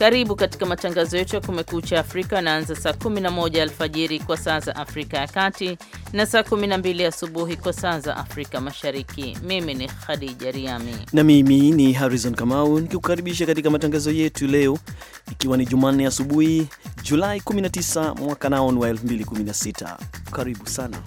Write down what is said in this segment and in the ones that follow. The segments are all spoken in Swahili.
Karibu katika matangazo yetu ya kumekucha Afrika anaanza saa 11 alfajiri kwa saa za Afrika ya Kati na saa 12 asubuhi kwa saa za Afrika Mashariki. Mimi ni Khadija Riami na mimi ni Harrison Kamau nikikukaribisha katika matangazo yetu leo, ikiwa ni Jumanne asubuhi Julai 19 mwaka naon wa 2016. Karibu sana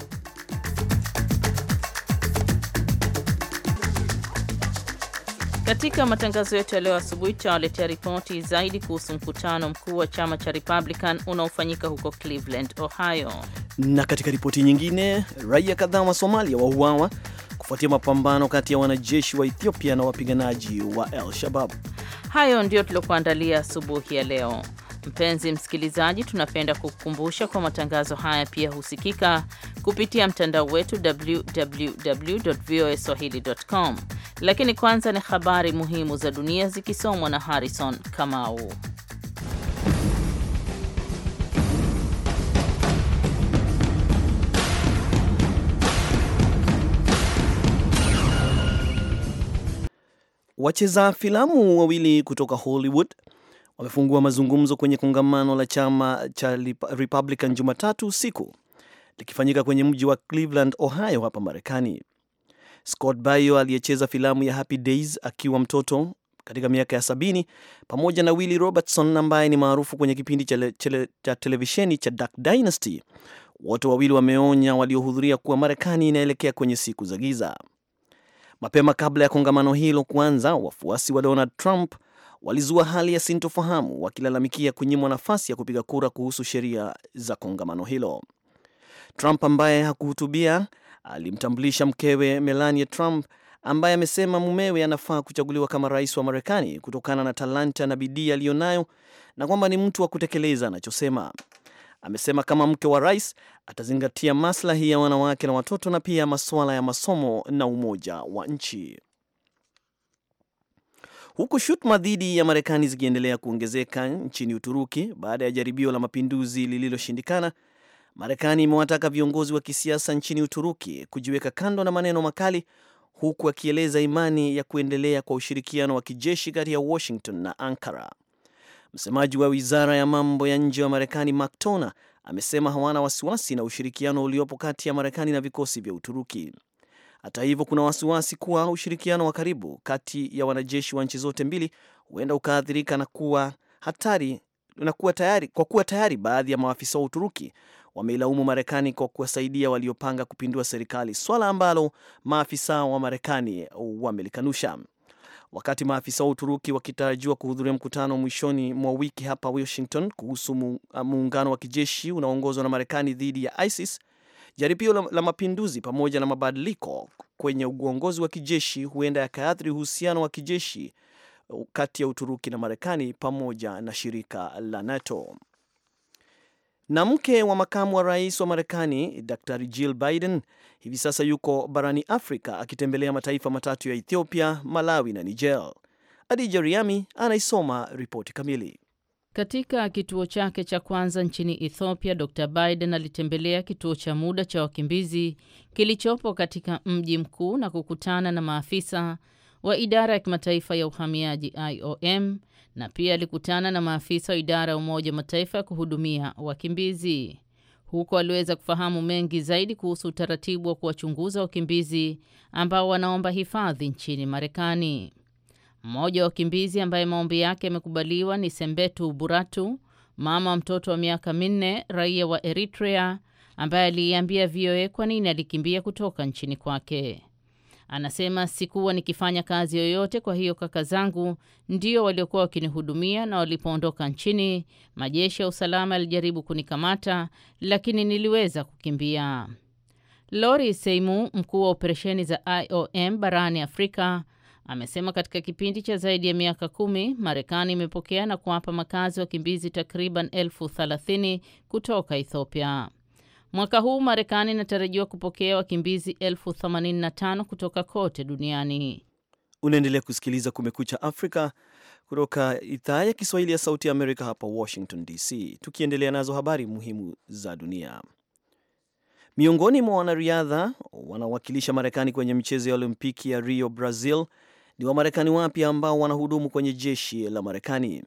Katika matangazo yetu ya leo asubuhi, tutawaletea ripoti zaidi kuhusu mkutano mkuu wa chama cha Republican unaofanyika huko Cleveland, Ohio. Na katika ripoti nyingine, raia kadhaa wa Somalia wauawa kufuatia mapambano kati ya wanajeshi wa Ethiopia na wapiganaji wa al Shabab. Hayo ndio tuliokuandalia asubuhi ya leo. Mpenzi msikilizaji, tunapenda kukukumbusha kwa matangazo haya pia husikika kupitia mtandao wetu www voa www.voaswahili.com. Lakini kwanza ni habari muhimu za dunia zikisomwa na Harrison Kamau. Wacheza filamu wawili kutoka Hollywood wamefungua mazungumzo kwenye kongamano la chama cha Republican Jumatatu usiku likifanyika kwenye mji wa Cleveland, Ohio hapa Marekani. Scott bayo aliyecheza filamu ya Happy Days akiwa mtoto katika miaka ya sabini pamoja na Willie Robertson ambaye ni maarufu kwenye kipindi cha, cha, cha televisheni cha Duck Dynasty. Wote wawili wameonya waliohudhuria kuwa Marekani inaelekea kwenye siku za giza. Mapema kabla ya kongamano hilo kuanza, wafuasi wa Donald Trump walizua hali ya sintofahamu wakilalamikia kunyimwa nafasi ya kupiga kura kuhusu sheria za kongamano hilo. Trump ambaye hakuhutubia alimtambulisha mkewe Melania Trump ambaye amesema mumewe anafaa kuchaguliwa kama rais wa Marekani kutokana na talanta na bidii aliyonayo na kwamba ni mtu wa kutekeleza anachosema. Amesema kama mke wa rais atazingatia maslahi ya wanawake na watoto na pia masuala ya masomo na umoja wa nchi huku shutuma dhidi ya Marekani zikiendelea kuongezeka nchini Uturuki baada ya jaribio la mapinduzi lililoshindikana. Marekani imewataka viongozi wa kisiasa nchini Uturuki kujiweka kando na maneno makali, huku akieleza imani ya kuendelea kwa ushirikiano wa kijeshi kati ya Washington na Ankara. Msemaji wa wizara ya mambo ya nje wa Marekani Mark Toner amesema hawana wasiwasi na ushirikiano uliopo kati ya Marekani na vikosi vya Uturuki. Hata hivyo, kuna wasiwasi kuwa ushirikiano wa karibu kati ya wanajeshi wa nchi zote mbili huenda ukaathirika na kuwa hatari na kuwa tayari, kwa kuwa tayari baadhi ya maafisa wa Uturuki wameilaumu Marekani kwa kuwasaidia waliopanga kupindua serikali, swala ambalo maafisa wa Marekani wamelikanusha. Wakati maafisa wa Uturuki wakitarajiwa kuhudhuria mkutano mwishoni mwa wiki hapa Washington kuhusu muungano wa kijeshi unaoongozwa na Marekani dhidi ya ISIS, Jaribio la, la mapinduzi pamoja na mabadiliko kwenye uongozi wa kijeshi huenda yakaathiri uhusiano wa kijeshi uh, kati ya Uturuki na Marekani pamoja na shirika la NATO. Na mke wa makamu wa rais wa Marekani Dr. Jill Biden hivi sasa yuko barani Afrika akitembelea mataifa matatu ya Ethiopia, Malawi na Niger. Adija Riami anaisoma ripoti kamili. Katika kituo chake cha kwanza nchini Ethiopia, Dr Biden alitembelea kituo cha muda cha wakimbizi kilichopo katika mji mkuu na kukutana na maafisa wa idara ya kimataifa ya uhamiaji IOM, na pia alikutana na maafisa wa idara ya Umoja wa Mataifa ya kuhudumia wakimbizi. Huko aliweza kufahamu mengi zaidi kuhusu utaratibu wa kuwachunguza wakimbizi ambao wanaomba hifadhi nchini Marekani. Mmoja wa wakimbizi ambaye maombi yake yamekubaliwa ni Sembetu Buratu, mama wa mtoto wa miaka minne, raia wa Eritrea ambaye aliiambia VOA kwa nini alikimbia kutoka nchini kwake. Anasema sikuwa nikifanya kazi yoyote, kwa hiyo kaka zangu ndio waliokuwa wakinihudumia, na walipoondoka nchini, majeshi ya usalama yalijaribu kunikamata, lakini niliweza kukimbia. Lori Seimu, mkuu wa operesheni za IOM barani Afrika, Amesema katika kipindi cha zaidi ya miaka kumi Marekani imepokea na kuwapa makazi wakimbizi takriban elfu thelathini kutoka Ethiopia. Mwaka huu Marekani inatarajiwa kupokea wakimbizi elfu themanini na tano kutoka kote duniani. Unaendelea kusikiliza Kumekucha Afrika kutoka idhaa ya Kiswahili ya Sauti ya Amerika, hapa Washington DC, tukiendelea nazo habari muhimu za dunia. Miongoni mwa wanariadha wanaowakilisha Marekani kwenye michezo ya Olimpiki ya Rio, Brazil, ni Wamarekani wapya ambao wanahudumu kwenye jeshi la Marekani.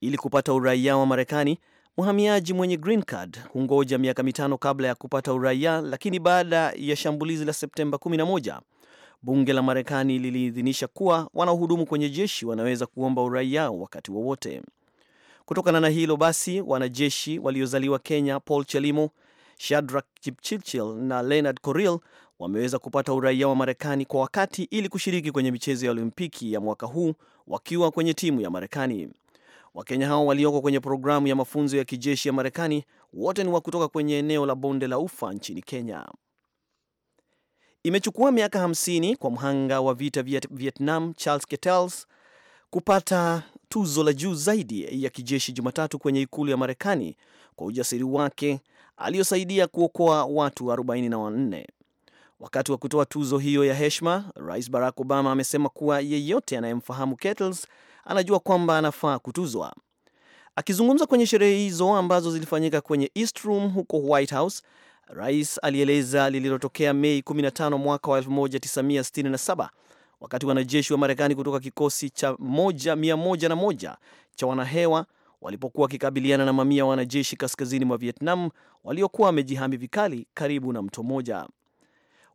Ili kupata uraia wa Marekani, mhamiaji mwenye green card hungoja miaka mitano kabla ya kupata uraia, lakini baada ya shambulizi la Septemba 11 bunge la Marekani liliidhinisha kuwa wanaohudumu kwenye jeshi wanaweza kuomba uraia wakati wowote wa Kutokana na hilo basi, wanajeshi waliozaliwa Kenya Paul Chelimo, Shadrack Kipchirchir na Leonard Korir wameweza kupata uraia wa Marekani kwa wakati ili kushiriki kwenye michezo ya Olimpiki ya mwaka huu wakiwa kwenye timu ya Marekani. Wakenya hao walioko kwenye programu ya mafunzo ya kijeshi ya Marekani wote ni wa kutoka kwenye eneo la bonde la ufa nchini Kenya. Imechukua miaka 50 kwa mhanga wa vita vya Vietnam Charles Kettles kupata tuzo la juu zaidi ya kijeshi Jumatatu kwenye ikulu ya Marekani kwa ujasiri wake aliyosaidia kuokoa watu 44. Wakati wa kutoa tuzo hiyo ya heshima, Rais Barack Obama amesema kuwa yeyote anayemfahamu Kettles anajua kwamba anafaa kutuzwa. Akizungumza kwenye sherehe hizo ambazo zilifanyika kwenye East Room huko White House, rais alieleza lililotokea Mei 15 mwaka wa 1967 wakati wanajeshi wa Marekani kutoka kikosi cha 11 cha wanahewa walipokuwa wakikabiliana na mamia wa wanajeshi kaskazini mwa Vietnam waliokuwa wamejihami vikali karibu na mto moja.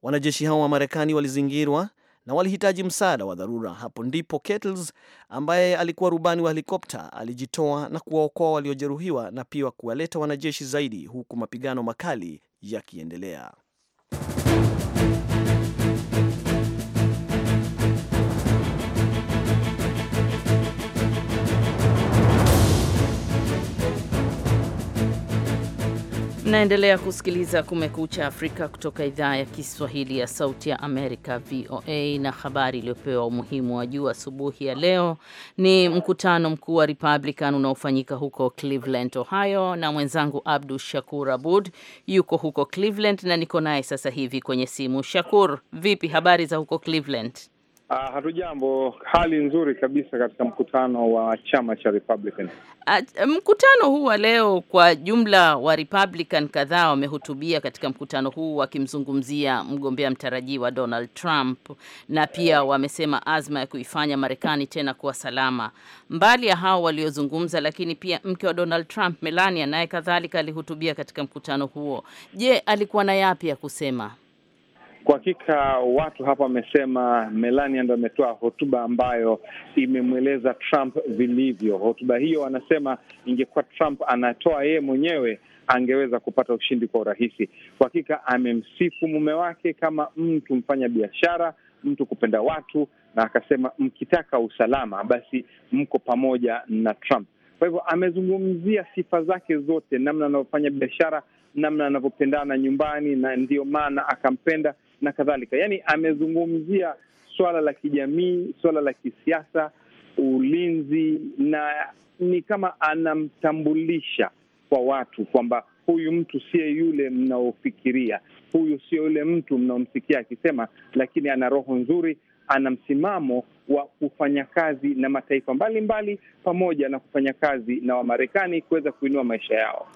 Wanajeshi hao wa Marekani walizingirwa na walihitaji msaada wa dharura. Hapo ndipo Kettles ambaye alikuwa rubani wa helikopta alijitoa na kuwaokoa waliojeruhiwa na pia kuwaleta wanajeshi zaidi, huku mapigano makali yakiendelea. Naendelea kusikiliza Kumekucha Afrika kutoka idhaa ya Kiswahili ya Sauti ya Amerika, VOA. Na habari iliyopewa umuhimu wa juu asubuhi ya leo ni mkutano mkuu wa Republican unaofanyika huko Cleveland, Ohio, na mwenzangu Abdu Shakur Abud yuko huko Cleveland na niko naye sasa hivi kwenye simu. Shakur, vipi habari za huko Cleveland? Uh, hatujambo. Hali nzuri kabisa katika mkutano wa chama cha Republican. Uh, mkutano huu wa leo kwa jumla wa Republican kadhaa wamehutubia katika mkutano huu wakimzungumzia mgombea mtarajiwa Donald Trump na pia wamesema azma ya kuifanya Marekani tena kuwa salama. Mbali ya hao waliozungumza, lakini pia mke wa Donald Trump Melania naye kadhalika alihutubia katika mkutano huo. Je, alikuwa na yapi ya kusema? Kwa hakika watu hapa wamesema Melania ndo ametoa hotuba ambayo imemweleza Trump vilivyo. Hotuba hiyo wanasema ingekuwa Trump anatoa yeye mwenyewe angeweza kupata ushindi kwa urahisi. Kwa hakika amemsifu mume wake kama mtu mfanya biashara, mtu kupenda watu, na akasema mkitaka usalama, basi mko pamoja na Trump. Kwa hivyo amezungumzia sifa zake zote, namna anavyofanya biashara, namna anavyopendana nyumbani, na ndiyo maana akampenda na kadhalika. Yaani amezungumzia swala la kijamii, swala la kisiasa, ulinzi, na ni kama anamtambulisha kwa watu kwamba huyu mtu sio yule mnaofikiria, huyu sio yule mtu mnaomsikia akisema, lakini ana roho nzuri, ana msimamo wa kufanya kazi na mataifa mbalimbali mbali, pamoja na kufanya kazi na Wamarekani kuweza kuinua maisha yao.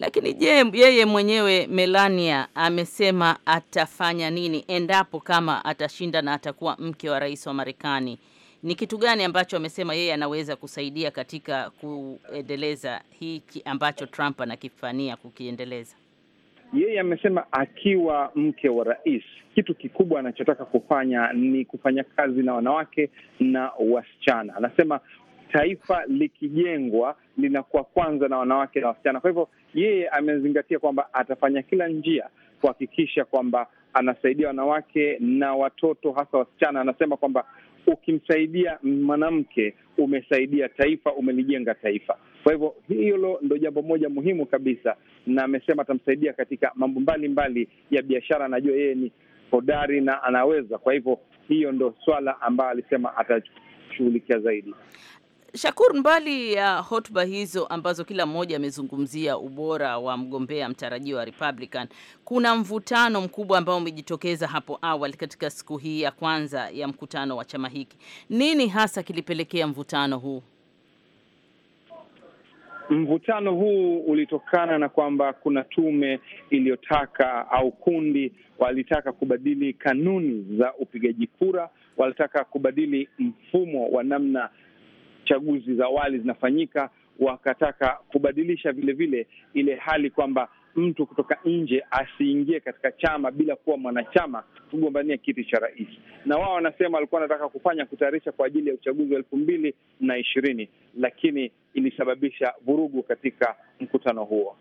Lakini je, yeye mwenyewe Melania amesema atafanya nini endapo kama atashinda na atakuwa mke wa rais wa Marekani? Ni kitu gani ambacho amesema yeye anaweza kusaidia katika kuendeleza hiki ambacho Trump anakifania kukiendeleza? Yeye amesema akiwa mke wa rais, kitu kikubwa anachotaka kufanya ni kufanya kazi na wanawake na wasichana. Anasema taifa likijengwa linakuwa kwanza na wanawake na wasichana. Kwa hivyo yeye amezingatia kwamba atafanya kila njia kuhakikisha kwamba anasaidia wanawake na watoto, hasa wasichana. Anasema kwamba ukimsaidia mwanamke umesaidia taifa, umelijenga taifa. Kwa hivyo hilo ndo jambo moja muhimu kabisa, na amesema atamsaidia katika mambo mbalimbali ya biashara. Anajua yeye ni hodari na anaweza, kwa hivyo hiyo ndo swala ambayo alisema atashughulikia zaidi. Shakur, mbali ya hotuba hizo ambazo kila mmoja amezungumzia ubora wa mgombea mtarajio wa Republican, kuna mvutano mkubwa ambao umejitokeza hapo awali katika siku hii ya kwanza ya mkutano wa chama hiki. Nini hasa kilipelekea mvutano huu? Mvutano huu ulitokana na kwamba kuna tume iliyotaka au kundi walitaka kubadili kanuni za upigaji kura, walitaka kubadili mfumo wa namna chaguzi za awali zinafanyika, wakataka kubadilisha vilevile vile ile hali kwamba mtu kutoka nje asiingie katika chama bila kuwa mwanachama kugombania kiti cha rais, na wao wanasema walikuwa wanataka kufanya kutayarisha kwa ajili ya uchaguzi wa elfu mbili na ishirini, lakini ilisababisha vurugu katika mkutano huo.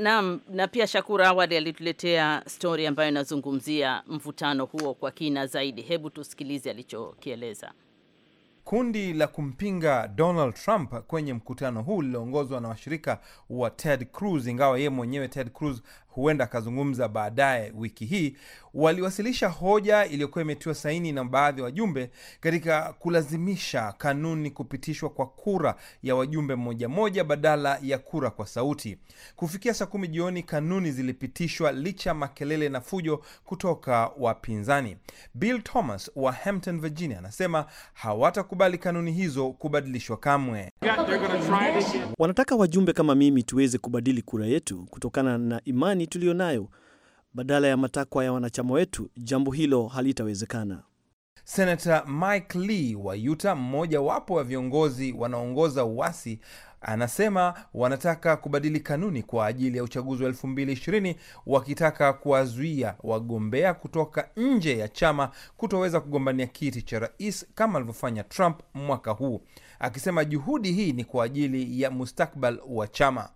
Naam, na pia Shakura awali alituletea stori ambayo inazungumzia mvutano huo kwa kina zaidi. Hebu tusikilize alichokieleza. Kundi la kumpinga Donald Trump kwenye mkutano huu liliongozwa na washirika wa Ted Cruz, ingawa yeye mwenyewe Ted Cruz huenda akazungumza baadaye wiki hii, waliwasilisha hoja iliyokuwa imetiwa saini na baadhi ya wajumbe katika kulazimisha kanuni kupitishwa kwa kura ya wajumbe mmoja moja badala ya kura kwa sauti. Kufikia saa kumi jioni, kanuni zilipitishwa licha makelele na fujo kutoka wapinzani. Bill Thomas wa Hampton, Virginia, anasema hawatakubali kanuni hizo kubadilishwa kamwe. Wanataka wajumbe kama mimi tuweze kubadili kura yetu kutokana na imani imani tuliyonayo badala ya matakwa ya wanachama wetu, jambo hilo halitawezekana. Senata Mike Lee wa Utah, mmojawapo wa viongozi wanaongoza uasi, anasema wanataka kubadili kanuni kwa ajili ya uchaguzi wa 2020 wakitaka kuwazuia wagombea kutoka nje ya chama kutoweza kugombania kiti cha rais kama alivyofanya Trump mwaka huu, akisema juhudi hii ni kwa ajili ya mustakbal wa chama.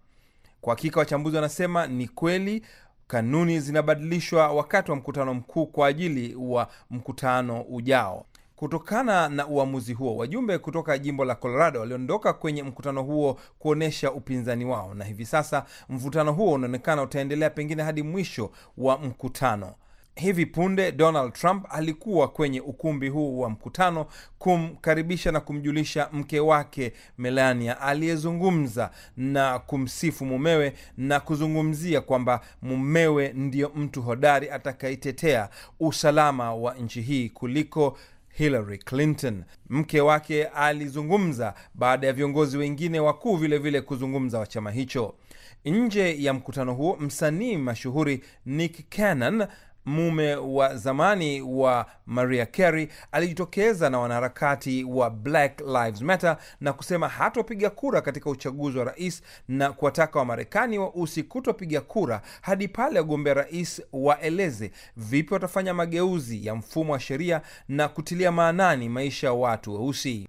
Kwa hakika wachambuzi wanasema ni kweli kanuni zinabadilishwa wakati wa mkutano mkuu kwa ajili wa mkutano ujao. Kutokana na uamuzi huo, wajumbe kutoka jimbo la Colorado waliondoka kwenye mkutano huo kuonyesha upinzani wao, na hivi sasa mvutano huo unaonekana utaendelea pengine hadi mwisho wa mkutano. Hivi punde Donald Trump alikuwa kwenye ukumbi huu wa mkutano kumkaribisha na kumjulisha mke wake Melania, aliyezungumza na kumsifu mumewe na kuzungumzia kwamba mumewe ndiyo mtu hodari atakayetetea usalama wa nchi hii kuliko Hillary Clinton. Mke wake alizungumza baada ya viongozi wengine wakuu vilevile kuzungumza wa chama hicho. Nje ya mkutano huo, msanii mashuhuri Nick Cannon mume wa zamani wa Maria Carey alijitokeza na wanaharakati wa Black Lives Matter na kusema hatopiga kura katika uchaguzi wa rais na kuwataka Wamarekani weusi kutopiga kura hadi pale wagombea rais waeleze vipi watafanya mageuzi ya mfumo wa sheria na kutilia maanani maisha ya watu weusi.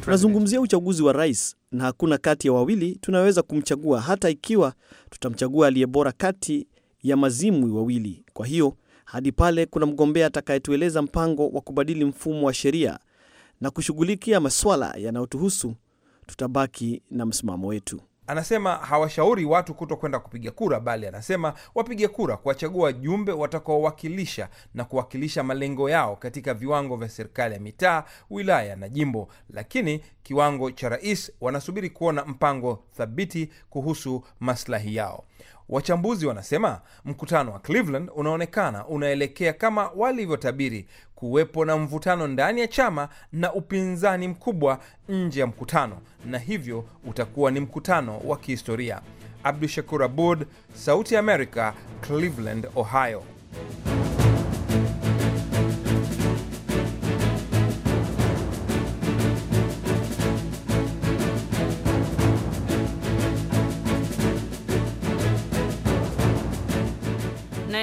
Tunazungumzia uchaguzi wa rais na hakuna kati ya wawili tunaweza kumchagua, hata ikiwa tutamchagua aliye bora kati ya mazimwi wawili. Kwa hiyo hadi pale kuna mgombea atakayetueleza mpango wa kubadili mfumo wa sheria na kushughulikia maswala yanayotuhusu, tutabaki na msimamo wetu. Anasema hawashauri watu kuto kwenda kupiga kura, bali anasema wapige kura kuwachagua wajumbe watakaowakilisha na kuwakilisha malengo yao katika viwango vya serikali ya mitaa, wilaya na jimbo. Lakini kiwango cha rais, wanasubiri kuona mpango thabiti kuhusu maslahi yao. Wachambuzi wanasema mkutano wa Cleveland unaonekana unaelekea kama walivyotabiri, kuwepo na mvutano ndani ya chama na upinzani mkubwa nje ya mkutano, na hivyo utakuwa ni mkutano wa kihistoria. Abdu Shakur Abud, Sauti ya America, Cleveland, Ohio.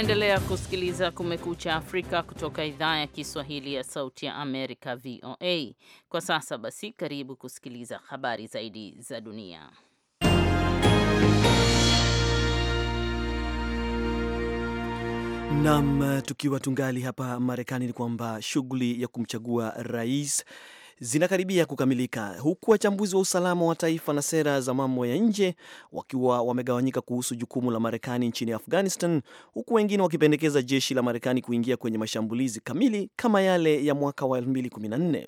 Unaendelea kusikiliza Kumekucha Afrika kutoka idhaa ya Kiswahili ya Sauti ya Amerika, VOA. Kwa sasa basi, karibu kusikiliza habari zaidi za dunia. Nam, tukiwa tungali hapa Marekani, ni kwamba shughuli ya kumchagua rais zinakaribia kukamilika huku wachambuzi wa usalama wa taifa na sera za mambo ya nje wakiwa wamegawanyika kuhusu jukumu la Marekani nchini Afghanistan, huku wengine wakipendekeza jeshi la Marekani kuingia kwenye mashambulizi kamili kama yale ya mwaka wa 2014.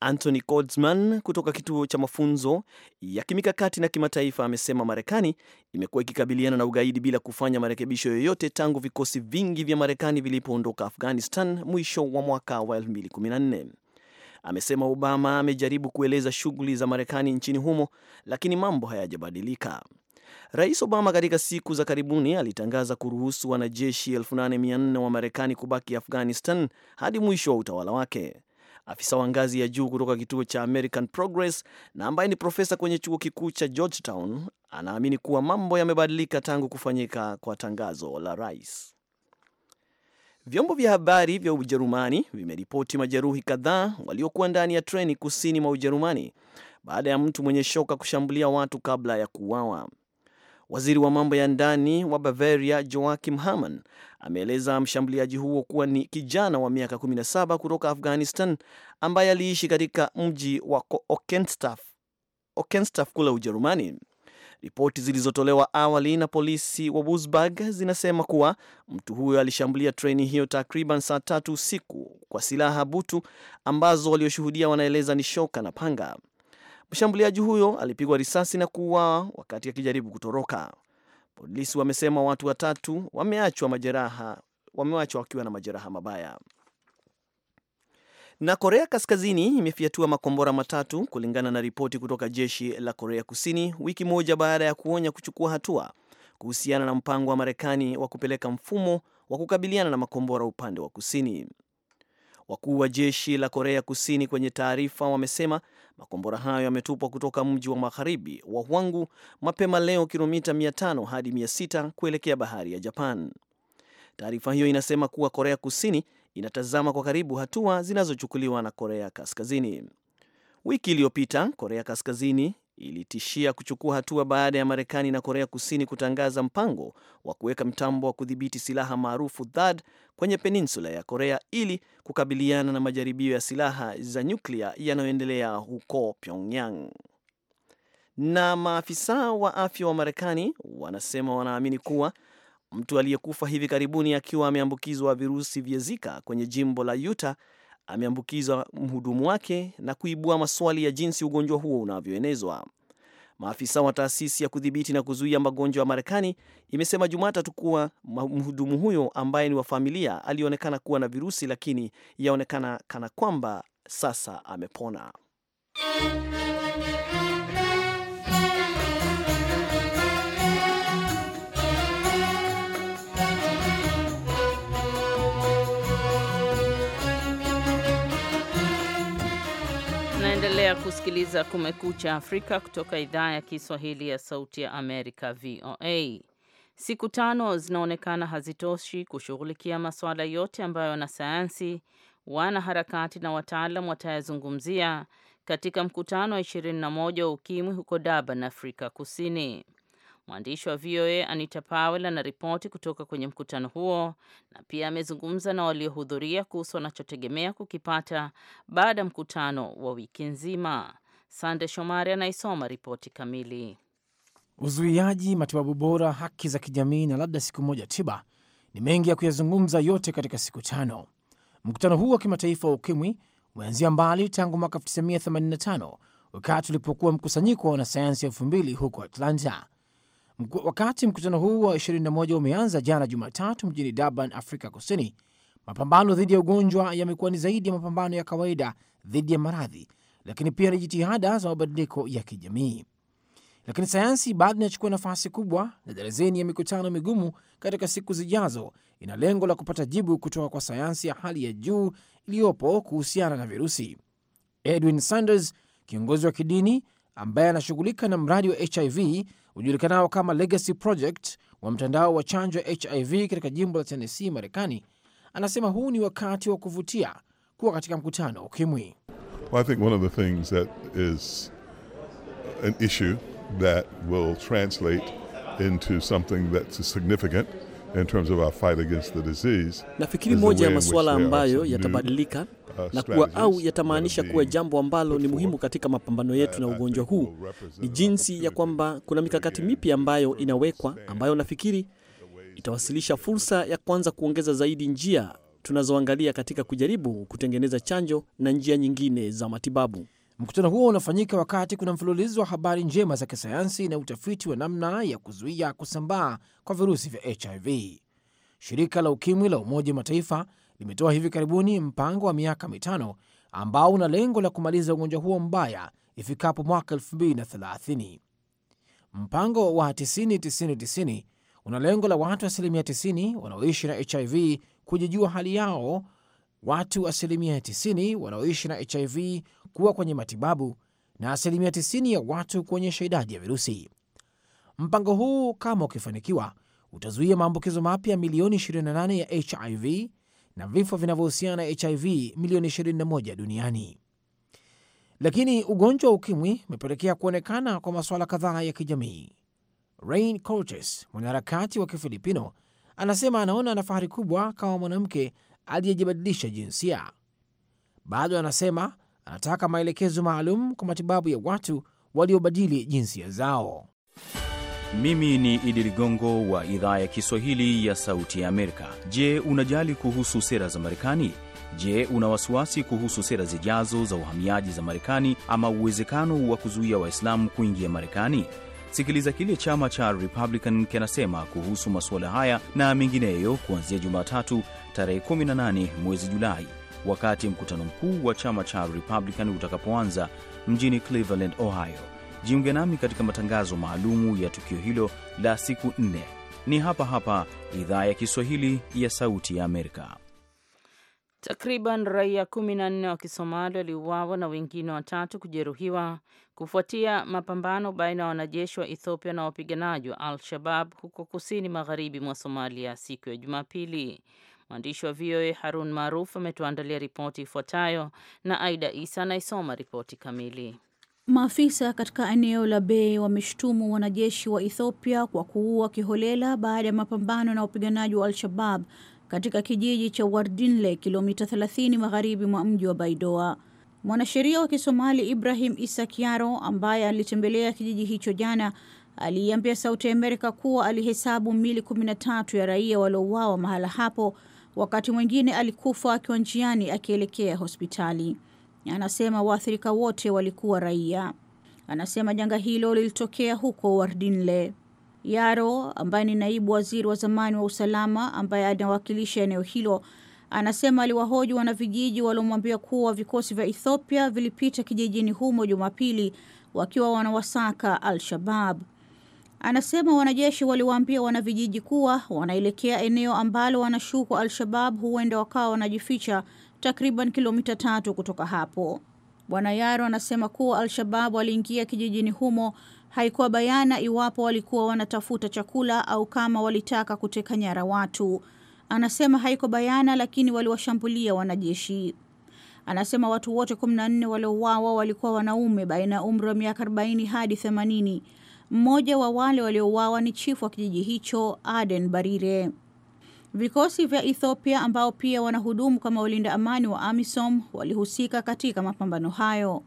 Anthony Goldsman kutoka kituo cha mafunzo ya kimikakati na kimataifa amesema Marekani imekuwa ikikabiliana na ugaidi bila kufanya marekebisho yoyote tangu vikosi vingi vya Marekani vilipoondoka Afghanistan mwisho wa mwaka wa 2014 amesema Obama amejaribu kueleza shughuli za Marekani nchini humo, lakini mambo hayajabadilika. Rais Obama katika siku za karibuni alitangaza kuruhusu wanajeshi 8400 wa Marekani kubaki Afghanistan hadi mwisho wa utawala wake. Afisa wa ngazi ya juu kutoka kituo cha American Progress na ambaye ni profesa kwenye chuo kikuu cha Georgetown anaamini kuwa mambo yamebadilika tangu kufanyika kwa tangazo la rais. Vyombo vya habari vya Ujerumani vimeripoti majeruhi kadhaa waliokuwa ndani ya treni kusini mwa Ujerumani baada ya mtu mwenye shoka kushambulia watu kabla ya kuuawa. Waziri wa mambo ya ndani wa Bavaria Joachim Herman ameeleza mshambuliaji huo kuwa ni kijana wa miaka 17 kutoka Afghanistan ambaye aliishi katika mji wa Okenstaf kule Ujerumani. Ripoti zilizotolewa awali na polisi wa Wurzburg zinasema kuwa mtu huyo alishambulia treni hiyo takriban saa tatu usiku kwa silaha butu ambazo walioshuhudia wanaeleza ni shoka na panga. Mshambuliaji huyo alipigwa risasi na kuuawa wakati akijaribu kutoroka. Polisi wamesema watu watatu wameachwa majeraha, wameachwa wakiwa na majeraha mabaya. Na Korea Kaskazini imefiatua makombora matatu kulingana na ripoti kutoka jeshi la Korea Kusini, wiki moja baada ya kuonya kuchukua hatua kuhusiana na mpango wa Marekani wa kupeleka mfumo wa kukabiliana na makombora upande wa kusini. Wakuu wa jeshi la Korea Kusini kwenye taarifa wamesema makombora hayo yametupwa kutoka mji wa magharibi wa Hwangu mapema leo, kilomita 500 hadi 600 kuelekea bahari ya Japan. Taarifa hiyo inasema kuwa Korea Kusini inatazama kwa karibu hatua zinazochukuliwa na Korea Kaskazini. Wiki iliyopita Korea Kaskazini ilitishia kuchukua hatua baada ya Marekani na Korea Kusini kutangaza mpango wa kuweka mtambo wa kudhibiti silaha maarufu THAAD kwenye peninsula ya Korea ili kukabiliana na majaribio ya silaha za nyuklia yanayoendelea huko Pyongyang. Na maafisa wa afya wa Marekani wanasema wanaamini kuwa Mtu aliyekufa hivi karibuni akiwa ameambukizwa virusi vya Zika kwenye jimbo la Utah ameambukiza mhudumu wake na kuibua maswali ya jinsi ugonjwa huo unavyoenezwa. Maafisa wa taasisi ya kudhibiti na kuzuia magonjwa ya Marekani imesema Jumatatu kuwa mhudumu huyo ambaye ni wa familia alionekana kuwa na virusi, lakini yaonekana kana kwamba sasa amepona. Naendelea kusikiliza Kumekucha Afrika kutoka idhaa ya Kiswahili ya Sauti ya Amerika, VOA. Siku tano zinaonekana hazitoshi kushughulikia masuala yote ambayo wanasayansi, wanaharakati na wataalam watayazungumzia katika mkutano wa 21 wa Ukimwi huko Durban, Afrika Kusini. Mwandishi wa VOA Anita Powell ripoti kutoka kwenye mkutano huo na pia amezungumza na waliohudhuria kuhusu wanachotegemea kukipata baada ya mkutano wa wiki nzima. Sande Shomari anaisoma ripoti kamili. Uzuiaji, matibabu bora, haki za kijamii na labda siku moja tiba, ni mengi ya kuyazungumza yote katika siku tano. Mkutano huu wa kimataifa wa ukimwi umeanzia mbali tangu mwaka 1985 wakati ulipokuwa mkusanyiko wa wanasayansi elfu mbili huko Atlanta Wakati mkutano huu wa 21 umeanza jana Jumatatu mjini Durban, Afrika Kusini, mapambano dhidi ya ugonjwa yamekuwa ni zaidi ya mapambano ya kawaida dhidi ya maradhi, lakini pia ni jitihada za mabadiliko ya kijamii. Lakini sayansi bado inachukua nafasi kubwa, na darazeni ya mikutano migumu katika siku zijazo ina lengo la kupata jibu kutoka kwa sayansi ya hali ya juu iliyopo kuhusiana na virusi. Edwin Sanders, kiongozi wa kidini ambaye anashughulika na mradi wa HIV ujulikanao kama Legacy Project wa mtandao wa chanjo ya HIV katika jimbo la Tennessee, Marekani, anasema huu ni wakati wa kuvutia kuwa katika mkutano wa ukimwi. Well, I think one of the things that is an issue that will translate into something that's significant In terms of our fight against the disease, nafikiri moja ya masuala ambayo yatabadilika uh, na kuwa au yatamaanisha kuwa jambo ambalo ni muhimu katika mapambano yetu na uh, ugonjwa huu ni jinsi ya kwamba kuna mikakati mipya ambayo inawekwa ambayo nafikiri itawasilisha fursa ya kwanza kuongeza zaidi njia tunazoangalia katika kujaribu kutengeneza chanjo na njia nyingine za matibabu. Mkutano huo unafanyika wakati kuna mfululizo wa habari njema za kisayansi na utafiti wa namna ya kuzuia kusambaa kwa virusi vya HIV. Shirika la Ukimwi la Umoja wa Mataifa limetoa hivi karibuni mpango wa miaka mitano ambao una lengo la kumaliza ugonjwa huo mbaya ifikapo mwaka 2030. Mpango wa 90-90-90 una lengo la watu asilimia 90 wanaoishi na HIV kujijua hali yao. Watu asilimia 90 wanaoishi na HIV kuwa kwenye matibabu na asilimia 90 ya watu kuonyesha idadi ya virusi. Mpango huu kama ukifanikiwa, utazuia maambukizo mapya milioni 28 ya HIV na vifo vinavyohusiana na HIV milioni 21 duniani. Lakini ugonjwa wa ukimwi umepelekea kuonekana kwa masuala kadhaa ya kijamii. Rain Cortes, mwanaharakati wa Kifilipino, anasema anaona na fahari kubwa kama mwanamke aliyejibadilisha jinsia. Bado anasema anataka maelekezo maalum kwa matibabu ya watu waliobadili jinsia zao. Mimi ni Idi Ligongo wa idhaa ya Kiswahili ya Sauti ya Amerika. Je, unajali kuhusu sera za Marekani? Je, una wasiwasi kuhusu sera zijazo za uhamiaji za Marekani ama uwezekano wa kuzuia Waislamu kuingia Marekani? Sikiliza kile chama cha Republican kinasema kuhusu masuala haya na mengineyo kuanzia Jumatatu tarehe 18 mwezi Julai wakati mkutano mkuu wa chama cha Republican utakapoanza mjini Cleveland, Ohio. Jiunge nami katika matangazo maalumu ya tukio hilo la siku nne. Ni hapa hapa idhaa ya Kiswahili ya Sauti ya Amerika. Takriban raia kumi na nne wa Kisomali waliuawa na wengine watatu kujeruhiwa kufuatia mapambano baina ya wanajeshi wa Ethiopia na wapiganaji wa Al Shabab huko kusini magharibi mwa Somalia siku ya Jumapili. Mwandishi wa VOA Harun Maruf ametuandalia ripoti ifuatayo na Aida Isa anaisoma ripoti kamili. Maafisa katika eneo la Bay wameshtumu wanajeshi wa Ethiopia kwa kuua kiholela baada ya mapambano na wapiganaji wa Al-Shabab katika kijiji cha Wardinle, kilomita 30 magharibi mwa mji wa Baidoa. Mwanasheria wa Kisomali Ibrahim Isa Kiaro, ambaye alitembelea kijiji hicho jana, aliiambia Sauti ya Amerika kuwa alihesabu mili 13 ya raia waliouawa mahala hapo Wakati mwingine alikufa akiwa njiani akielekea hospitali. Anasema waathirika wote walikuwa raia. Anasema janga hilo lilitokea huko Wardinle. Yaro ambaye ni naibu waziri wa zamani wa usalama ambaye anawakilisha eneo hilo anasema aliwahoji wanavijiji waliomwambia kuwa vikosi vya Ethiopia vilipita kijijini humo Jumapili wakiwa wanawasaka Al-Shabab. Anasema wanajeshi waliwaambia wanavijiji kuwa wanaelekea eneo ambalo wanashuku Al-Shabab huenda wakawa wanajificha takriban kilomita tatu kutoka hapo. Bwana Yaro anasema kuwa Al-Shabab waliingia kijijini humo. Haikuwa bayana iwapo walikuwa wanatafuta chakula au kama walitaka kuteka nyara watu. Anasema haiko bayana, lakini waliwashambulia wanajeshi. Anasema watu wote 14 waliouawa walikuwa wanaume baina ya umri wa miaka 40 hadi 80. Mmoja wa wale waliouawa ni chifu wa kijiji hicho Aden Barire. Vikosi vya Ethiopia ambao pia wanahudumu kama walinda amani wa AMISOM walihusika katika mapambano hayo.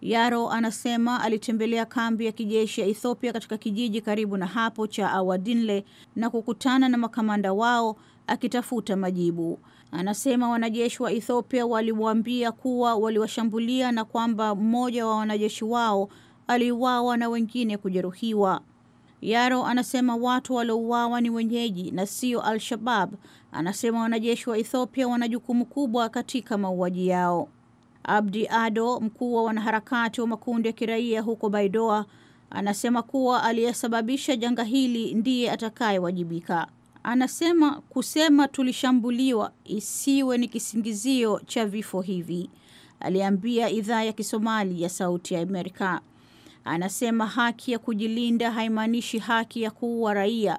Yaro anasema alitembelea kambi ya kijeshi ya Ethiopia katika kijiji karibu na hapo cha Awadinle na kukutana na makamanda wao akitafuta majibu. Anasema wanajeshi wa Ethiopia waliwaambia kuwa waliwashambulia na kwamba mmoja wa wanajeshi wao aliuawa na wengine kujeruhiwa. Yaro anasema watu waliouawa ni wenyeji na sio Al-Shabab. Anasema wanajeshi wa Ethiopia wana jukumu kubwa katika mauaji yao. Abdi Ado, mkuu wa wanaharakati wa makundi ya kiraia huko Baidoa, anasema kuwa aliyesababisha janga hili ndiye atakayewajibika. Anasema kusema tulishambuliwa isiwe ni kisingizio cha vifo hivi, aliambia idhaa ya Kisomali ya Sauti ya Amerika. Anasema haki ya kujilinda haimaanishi haki ya kuua raia.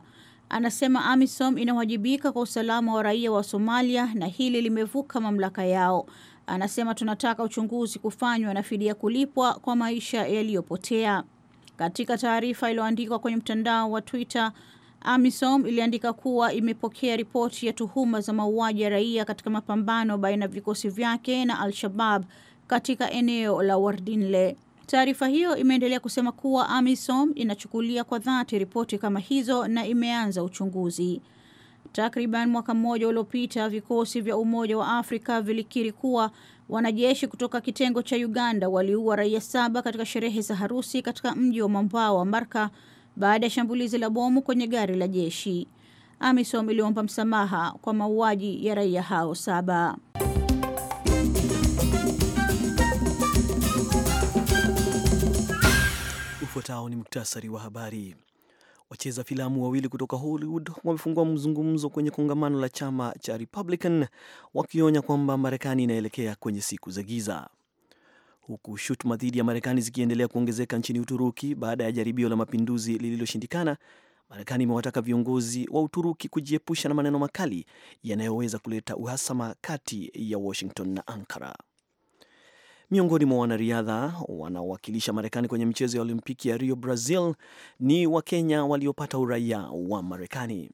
Anasema AMISOM inawajibika kwa usalama wa raia wa Somalia na hili limevuka mamlaka yao. Anasema tunataka uchunguzi kufanywa na fidia kulipwa kwa maisha yaliyopotea. Katika taarifa iliyoandikwa kwenye mtandao wa Twitter, AMISOM iliandika kuwa imepokea ripoti ya tuhuma za mauaji ya raia katika mapambano baina ya vikosi vyake na Al-Shabab katika eneo la Wardinle. Taarifa hiyo imeendelea kusema kuwa AMISOM inachukulia kwa dhati ripoti kama hizo na imeanza uchunguzi. Takriban mwaka mmoja uliopita, vikosi vya Umoja wa Afrika vilikiri kuwa wanajeshi kutoka kitengo cha Uganda waliua raia saba katika sherehe za harusi katika mji wa mwambao wa Marka baada ya shambulizi la bomu kwenye gari la jeshi. AMISOM iliomba msamaha kwa mauaji ya raia hao saba. Ufuatao ni muktasari wa habari. Wacheza filamu wawili kutoka Hollywood wamefungua mzungumzo kwenye kongamano la chama cha Republican wakionya kwamba Marekani inaelekea kwenye siku za giza, huku shutuma dhidi ya Marekani zikiendelea kuongezeka nchini Uturuki baada ya jaribio la mapinduzi lililoshindikana. Marekani imewataka viongozi wa Uturuki kujiepusha na maneno makali yanayoweza kuleta uhasama kati ya Washington na Ankara. Miongoni mwa wanariadha wanaowakilisha Marekani kwenye michezo ya Olimpiki ya Rio Brazil ni Wakenya waliopata uraia wa Marekani.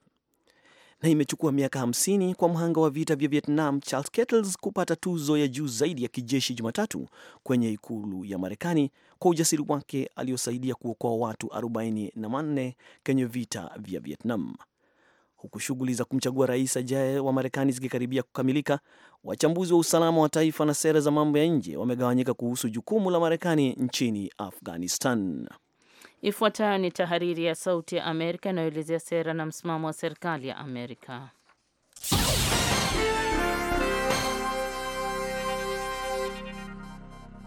Na imechukua miaka 50 kwa mhanga wa vita vya Vietnam Charles Kettles kupata tuzo ya juu zaidi ya kijeshi Jumatatu kwenye ikulu ya Marekani kwa ujasiri wake aliosaidia kuokoa watu 44 kwenye vita vya Vietnam. Huku shughuli za kumchagua rais ajaye wa Marekani zikikaribia kukamilika, wachambuzi wa usalama wa taifa na sera za mambo ya nje wamegawanyika kuhusu jukumu la Marekani nchini Afghanistan. Ifuatayo ni tahariri ya Sauti ya Amerika inayoelezea sera na msimamo wa serikali ya Amerika.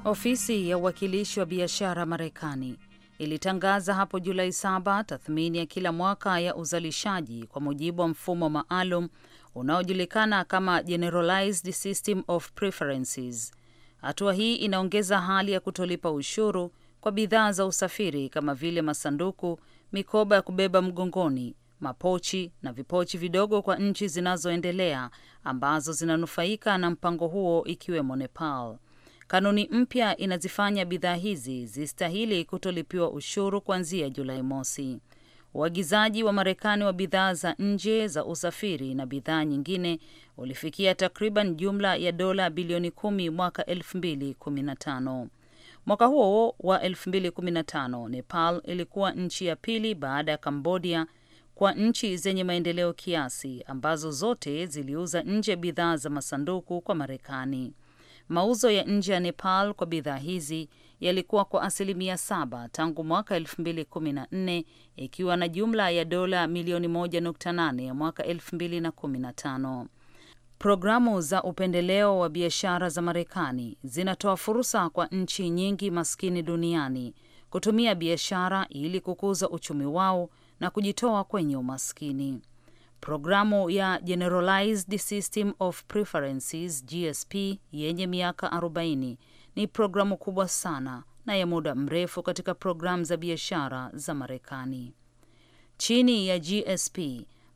Ofisi ya uwakilishi wa biashara Marekani ilitangaza hapo Julai saba tathmini ya kila mwaka ya uzalishaji kwa mujibu wa mfumo maalum unaojulikana kama Generalized System of Preferences. Hatua hii inaongeza hali ya kutolipa ushuru kwa bidhaa za usafiri kama vile masanduku, mikoba ya kubeba mgongoni, mapochi na vipochi vidogo kwa nchi zinazoendelea ambazo zinanufaika na mpango huo ikiwemo Nepal. Kanuni mpya inazifanya bidhaa hizi zistahili kutolipiwa ushuru kuanzia Julai mosi. Uagizaji wa Marekani wa bidhaa za nje za usafiri na bidhaa nyingine ulifikia takriban jumla ya dola bilioni kumi mwaka tano. Mwaka huo wa tano, Nepal ilikuwa nchi ya pili baada ya Kambodia kwa nchi zenye maendeleo kiasi ambazo zote ziliuza nje bidhaa za masanduku kwa Marekani. Mauzo ya nje ya Nepal kwa bidhaa hizi yalikuwa kwa asilimia saba tangu mwaka 2014 ikiwa na jumla ya dola milioni 1.8 ya mwaka 2015. Programu za upendeleo wa biashara za Marekani zinatoa fursa kwa nchi nyingi maskini duniani kutumia biashara ili kukuza uchumi wao na kujitoa kwenye umaskini. Programu ya Generalized System of Preferences GSP yenye miaka 40 ni programu kubwa sana na ya muda mrefu katika programu za biashara za Marekani. Chini ya GSP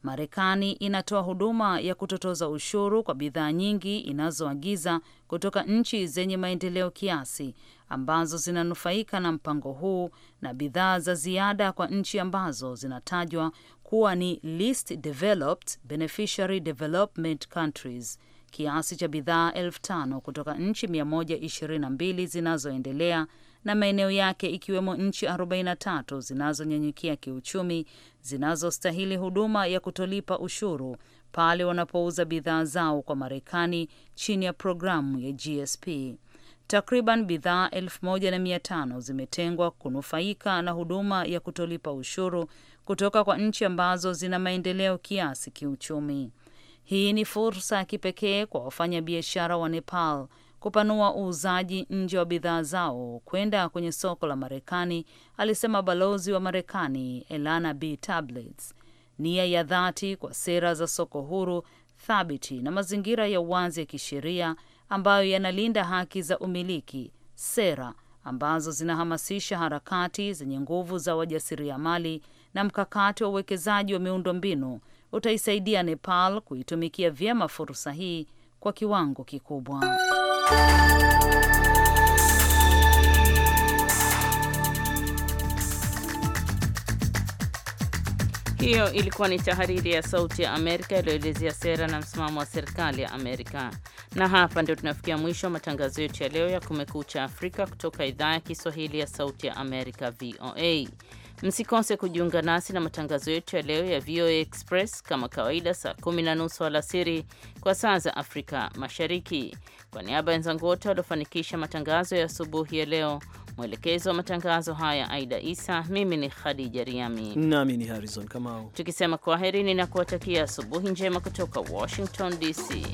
Marekani inatoa huduma ya kutotoza ushuru kwa bidhaa nyingi inazoagiza kutoka nchi zenye maendeleo kiasi ambazo zinanufaika na mpango huu na bidhaa za ziada kwa nchi ambazo zinatajwa kuwa ni least developed beneficiary development countries. Kiasi cha bidhaa elfu tano kutoka nchi 122 zinazoendelea na maeneo yake ikiwemo nchi 43 zinazonyenyekea kiuchumi zinazostahili huduma ya kutolipa ushuru pale wanapouza bidhaa zao kwa Marekani chini ya programu ya GSP. Takriban bidhaa 1500 zimetengwa kunufaika na huduma ya kutolipa ushuru kutoka kwa nchi ambazo zina maendeleo kiasi kiuchumi. Hii ni fursa ya kipekee kwa wafanyabiashara wa Nepal kupanua uuzaji nje wa bidhaa zao kwenda kwenye soko la Marekani, alisema balozi wa Marekani Elana B Tablets. Nia ya dhati kwa sera za soko huru thabiti na mazingira ya uwazi ya kisheria ambayo yanalinda haki za umiliki, sera ambazo zinahamasisha harakati zenye nguvu za wajasiriamali na mkakati wa uwekezaji wa miundombinu utaisaidia Nepal kuitumikia vyema fursa hii kwa kiwango kikubwa. Hiyo ilikuwa ni tahariri ya Sauti ya Amerika iliyoelezea sera na msimamo wa serikali ya Amerika. Na hapa ndio tunafikia mwisho wa matangazo yetu ya leo ya Kumekucha Afrika kutoka idhaa ya Kiswahili ya Sauti ya Amerika, VOA. Msikose kujiunga nasi na matangazo yetu ya leo ya VOA Express kama kawaida, saa kumi na nusu alasiri kwa saa za Afrika Mashariki. Kwa niaba ya wenzangu wote waliofanikisha matangazo ya asubuhi ya leo, mwelekezo wa matangazo haya Aida Isa, mimi ni Khadija Riami nami ni Harrison Kamau, tukisema kwaherini na kuwatakia asubuhi njema kutoka Washington DC.